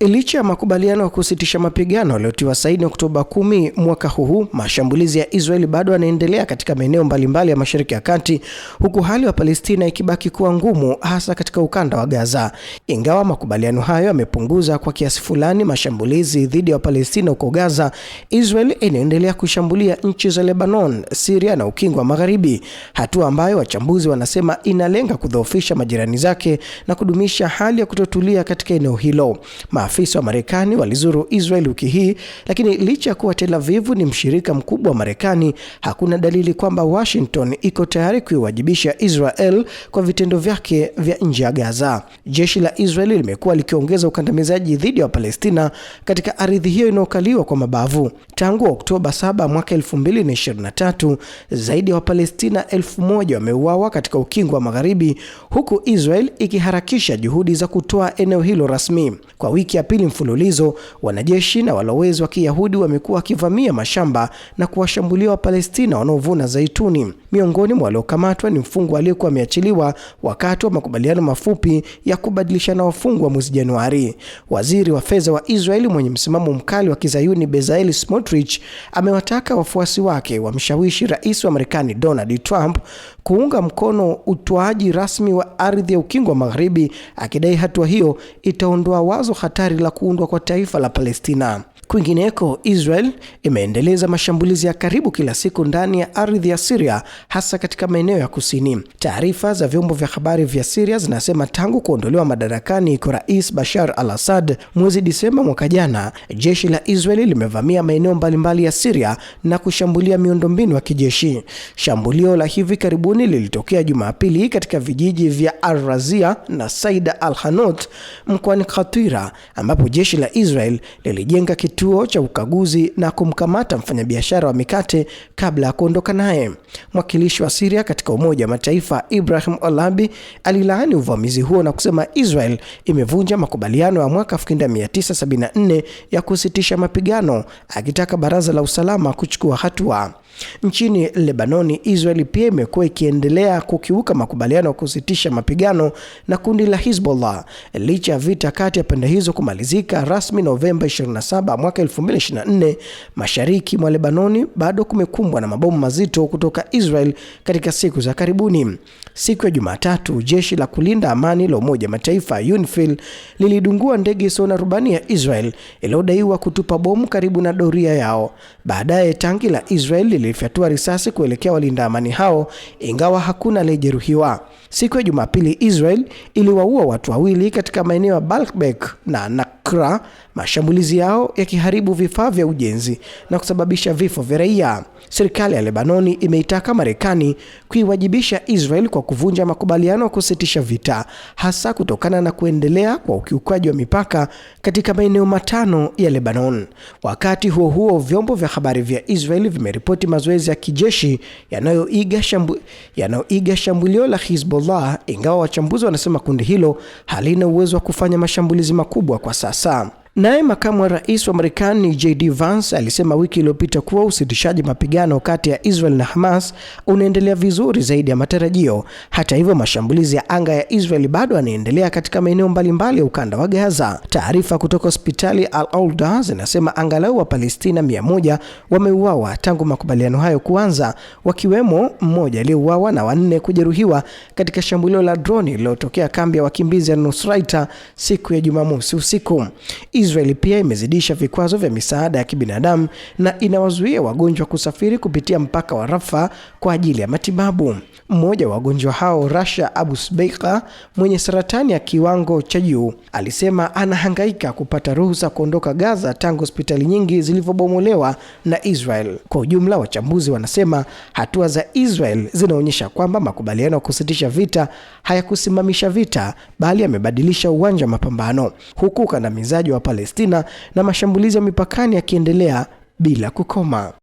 E, licha ya makubaliano ya kusitisha mapigano yaliyotiwa saini Oktoba 10 mwaka huu, mashambulizi ya Israeli bado yanaendelea katika maeneo mbalimbali ya Mashariki ya Kati, huku hali ya Palestina ikibaki kuwa ngumu, hasa katika ukanda wa Gaza. Ingawa makubaliano hayo yamepunguza kwa kiasi fulani mashambulizi dhidi ya Palestina huko Gaza, Israel inaendelea kushambulia nchi za Lebanon, Syria na Ukingo wa Magharibi, hatua ambayo wachambuzi wanasema inalenga kudhoofisha majirani zake na kudumisha hali ya kutotulia katika eneo hilo. Maafisa wa Marekani walizuru Israel wiki hii, lakini licha ya kuwa Tel Avivu ni mshirika mkubwa wa Marekani, hakuna dalili kwamba Washington iko tayari kuiwajibisha Israel kwa vitendo vyake vya nje ya Gaza. Jeshi la Israel limekuwa likiongeza ukandamizaji dhidi ya Palestina katika ardhi hiyo inayokaliwa kwa mabavu. Tangu Oktoba 7 mwaka 2023, zaidi ya wa Wapalestina elfu moja wameuawa katika ukingo wa Magharibi, huku Israel ikiharakisha juhudi za kutoa eneo hilo rasmi. Kwa wiki ya pili mfululizo, wanajeshi na walowezi wa Kiyahudi wamekuwa wakivamia mashamba na kuwashambulia Wapalestina wanaovuna zaituni. Miongoni mwa waliokamatwa ni mfungwa aliyekuwa ameachiliwa wakati wa makubaliano mafupi ya kubadilishana wafungwa mwezi Januari. Waziri wa fedha wa Israeli mwenye msimamo mkali wa Kizayuni Bezalel Smotrich amewataka wafuasi wake wamshawishi rais wa Marekani Donald Trump kuunga mkono utoaji rasmi wa ardhi ya ukingo wa Magharibi, akidai hatua hiyo itaondoa wazo hatari la kuundwa kwa taifa la Palestina. Kwingineko, Israel imeendeleza mashambulizi ya karibu kila siku ndani ya ardhi ya Syria, hasa katika maeneo ya kusini. Taarifa za vyombo vya habari vya Syria zinasema tangu kuondolewa madarakani kwa Rais Bashar al-Assad mwezi Disemba mwaka jana, jeshi la israel limevamia maeneo mbalimbali ya Syria na kushambulia miundombinu ya kijeshi. Shambulio la hivi karibuni lilitokea Jumapili katika vijiji vya Al-Razia na Saida al hanout mkoani Katira ambapo jeshi la Israel lilijenga kitu kituo cha ukaguzi na kumkamata mfanyabiashara wa mikate kabla ya kuondoka naye. Mwakilishi wa Syria katika Umoja wa Mataifa Ibrahim Olabi alilaani uvamizi huo na kusema Israel imevunja makubaliano ya mwaka 1974 ya kusitisha mapigano, akitaka Baraza la Usalama kuchukua hatua. Nchini Lebanoni, Israel pia imekuwa ikiendelea kukiuka makubaliano ya kusitisha mapigano na kundi la Hezbollah licha ya vita kati ya pande hizo kumalizika rasmi Novemba 27 mwaka 2024 mashariki mwa Lebanoni bado kumekumbwa na mabomu mazito kutoka Israel katika siku za karibuni. Siku ya Jumatatu, jeshi la kulinda amani la Umoja Mataifa UNIFIL lilidungua ndege isiyo na rubani ya Israel iliyodaiwa kutupa bomu karibu na doria yao. Baadaye tangi la Israel lilifyatua risasi kuelekea walinda amani hao, ingawa hakuna aliyejeruhiwa. Siku ya Jumapili, Israel iliwaua watu wawili katika maeneo ya Balkbek na Accra, mashambulizi yao yakiharibu vifaa vya ujenzi na kusababisha vifo vya raia. Serikali ya Lebanoni imeitaka Marekani kuiwajibisha Israel kwa kuvunja makubaliano ya kusitisha vita, hasa kutokana na kuendelea kwa ukiukaji wa mipaka katika maeneo matano ya Lebanon. Wakati huo huo, vyombo vya habari vya Israel vimeripoti mazoezi ya kijeshi yanayoiga shambu, yanayoiga shambulio la Hezbollah, ingawa wachambuzi wanasema kundi hilo halina uwezo wa kufanya mashambulizi makubwa kwa sasa. Sam. Naye makamu wa rais wa Marekani JD Vance alisema wiki iliyopita kuwa usitishaji mapigano kati ya Israel na Hamas unaendelea vizuri zaidi ya matarajio. Hata hivyo, mashambulizi ya anga ya Israel bado yanaendelea katika maeneo mbalimbali ya ukanda wa Gaza. Taarifa kutoka hospitali Al al zinasema angalau Wapalestina palestina moja wameuawa tangu makubaliano hayo kuanza, wakiwemo mmoja aliyeuawa na wanne kujeruhiwa katika shambulio la droni lililotokea kambi ya wakimbizi ya Nusraita siku ya Jumamosi usiku. Israeli pia imezidisha vikwazo vya misaada ya kibinadamu na inawazuia wagonjwa kusafiri kupitia mpaka wa Rafa kwa ajili ya matibabu. Mmoja wa wagonjwa hao, Rasha Abu Sbeika, mwenye saratani ya kiwango cha juu, alisema anahangaika kupata ruhusa kuondoka Gaza tangu hospitali nyingi zilivyobomolewa na Israel. Kwa ujumla, wachambuzi wanasema hatua za Israel zinaonyesha kwamba makubaliano ya kusitisha vita hayakusimamisha vita, bali yamebadilisha uwanja wa mapambano, huku ukandamizaji wa Palestina na mashambulizi ya mipakani yakiendelea bila kukoma.